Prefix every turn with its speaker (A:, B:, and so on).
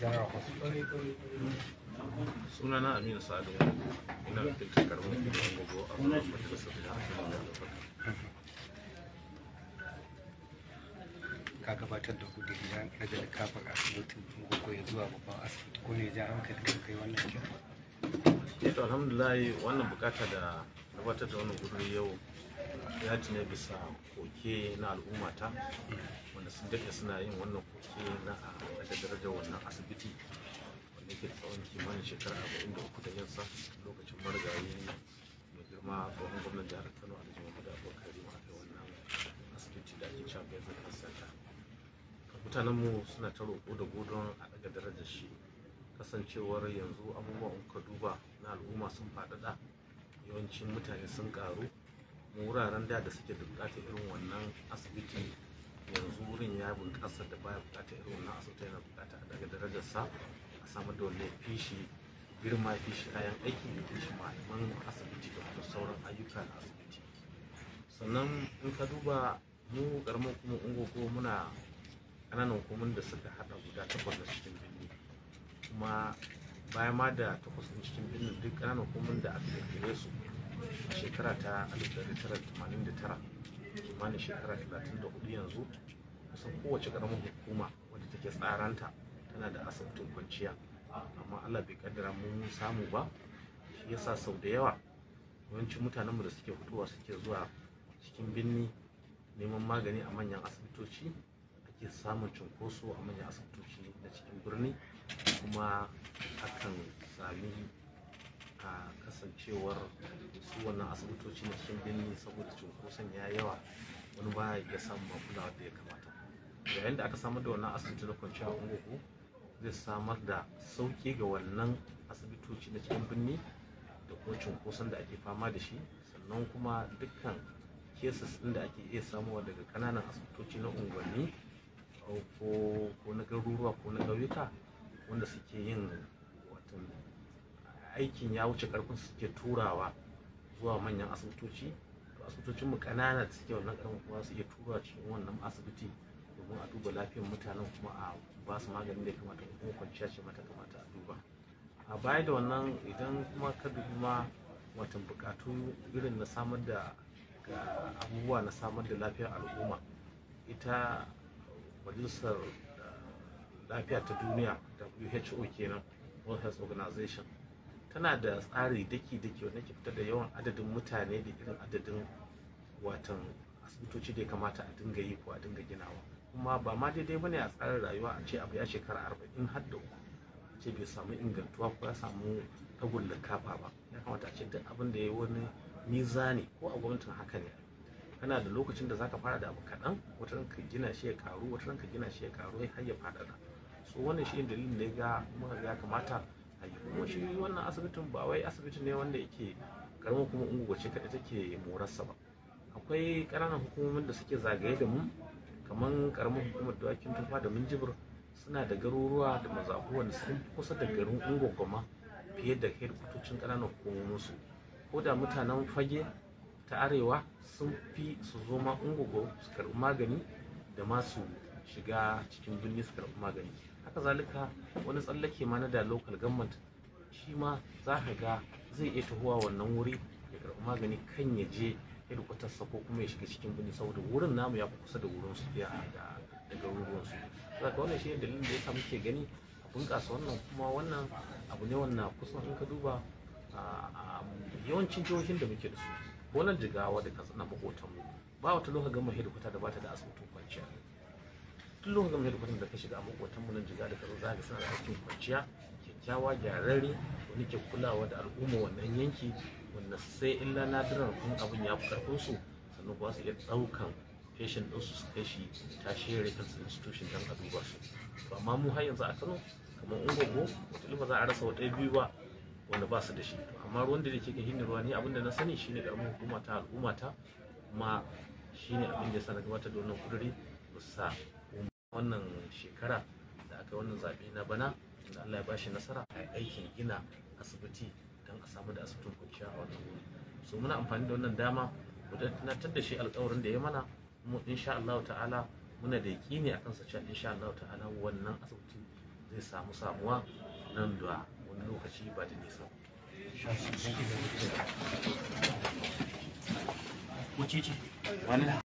A: general hospital suna na aminu sa'adu ina da a wani majalisar da da kudi ya daga da asibitin ya zuwa babban asibiti ko ne kan kai wannan eh to alhamdulillah wannan bukata da gabatar da wannan yau ya ci ne bisa koke na al'ummata wanda sun daɗe suna yin wannan shi na a daga darajar wannan asibiti wanda ke tsawon kimanin shekara arba'in da uku da yansa lokacin marigayi mai girma tsohon gwamnan jihar kano a da mahmudu abubakar rima a wannan asibiti da ake cewa bezin kasanta mutanenmu suna ta roƙo da godon a daga darajar shi kasancewar yanzu abubuwan ka duba na al'umma sun faɗaɗa yawancin mutane sun ƙaru wuraren da da suke da buƙatar irin wannan asibiti yanzu wurin ya bunƙasa da baya bukata irin wannan asibiti yana bukata daga darajarsa a samar da wannan fishi girma fishi kayan aiki da fishi malaman asibiti da kuma sauran ayyuka na asibiti sannan in ka duba mu karamar kuma ungogo muna ƙananan hukumar da suka haɗa guda takwas na cikin birni kuma bayan ma da takwas na cikin birni duk ƙananan hukumar da aka kirkire su a shekara ta 1989 kimanin shekara da hudu yanzu kusan kowace karamar hukuma wadda take tsaranta tana da asibitin kwanciya amma allah bai kaddara mun samu ba shi yasa sau da yawa yawancin mutanen mu da suke fitowa suke zuwa cikin birni, neman magani a manyan asibitoci ake samun cunkoso a manyan asibitoci na cikin birni kuma akan sami a kasancewar su wannan asibitoci na cikin birni saboda cunkoson ya yawa wani ba ya samu kulawa da ya kamata yayin da aka samar da wannan asibiti na kwanciya ungogo zai samar da sauƙi ga wannan asibitoci na cikin birni da kuma cunkoson da ake fama da shi sannan kuma dukkan cases ɗin da ake iya samuwa daga ƙananan asibitoci na unguwanni ko na garuruwa ko na ƙauyuka wanda suke yin watan aikin ya wuce karfin suke turawa zuwa manyan asibitoci to asibitocin mu kanana da suke wannan karfin kuma suke iya tura cikin wannan asibiti domin a duba lafiyar mutanen kuma a ba su maganin da ya kamata kuma kwanciya ce mata kamata a duba a baya da wannan idan kuma ka dubi ma watan bukatu irin na samar da abubuwa na samar da lafiyar al'umma ita majalisar eh, lafiya ta duniya who kenan world health organization tana da tsari daki-daki wanda ke fitar da yawan adadin mutane da irin adadin watan asibitoci da ya kamata a dinga yi ko a dinga ginawa kuma ba ma daidai bane a tsarin rayuwa a ce abu ya shekara arba'in har da uku a ce bai samu ingantuwa ko ya samu tagun kafa ba ya kamata a ce duk abin da ya yi wani ne ko a gwamnatin haka ne kana da lokacin da zaka fara da abu kaɗan wata ka gina shi ya karu wata ka gina shi ya karu har ya faɗaɗa so wannan shi ne dalilin da ya ga kuma ya kamata kuma shi wannan asibitin ba wai asibiti ne wanda yake karamar kuma unguwa ce kaɗai take morarsa ba akwai ƙananan hukumomin da suke zagaye da mu kamar karamar hukumar dawakin tufa da minjibir suna da garuruwa da mazaku wanda sun kusa da garin ungogoma fiye da hedkwatocin ƙananan hukumominsu ko da mutanen fage ta arewa sun fi su zo ma su karɓi magani da masu shiga cikin birni su magani haka zalika wani tsallake ma na da lokal government shi ma za ka ga zai iya tahowa wannan wuri ya karɓi magani kan ya je hedikwatarsa ko kuma ya shiga cikin birni saboda wurin namu ya fi kusa da wurin su da garuruwan su za ka wannan shi ne dalilin da ya sa muke gani a bunƙasa wannan kuma wannan abu ne wannan kusan in ka duba yawancin jihohin da muke da su ko nan jigawa da katsina makotanmu ba wata lokacin gama hedikwata da bata da asibitin kwanciya Kullum lokacin da lokacin da ka shiga amma mu nan jiga da karo za ka sanar da kwanciya kyakkyawa gyarare wani ke kulawa da al'umma wannan yanki wanda sai illa nadirar kun abin ya fi karfin su sannan kuma su iya ɗaukan patient ɗinsu su kai shi tashi reference institution don a duba su to amma mu har yanzu a kano kamar go, wata ba za a rasa wata biyu ba wanda ba su da shi amma ruwan da ke hinda ruwa ne abinda na sani shine karamin hukuma ta al'umma ta kuma shine abin da sanar wata da wannan kuduri sa wannan shekara da aka yi wannan zaɓe na bana da Allah ya ba shi nasara a aikin gina asibiti don a samu da asibitin kwanciya a wannan wuri so muna amfani da wannan dama mu tunatar da shi alƙawarin da ya mana mu insha Allah ta'ala muna da yaƙini akan sa cewa insha Allah ta'ala wannan asibiti zai samu samuwa nan da wani lokaci ba da nisa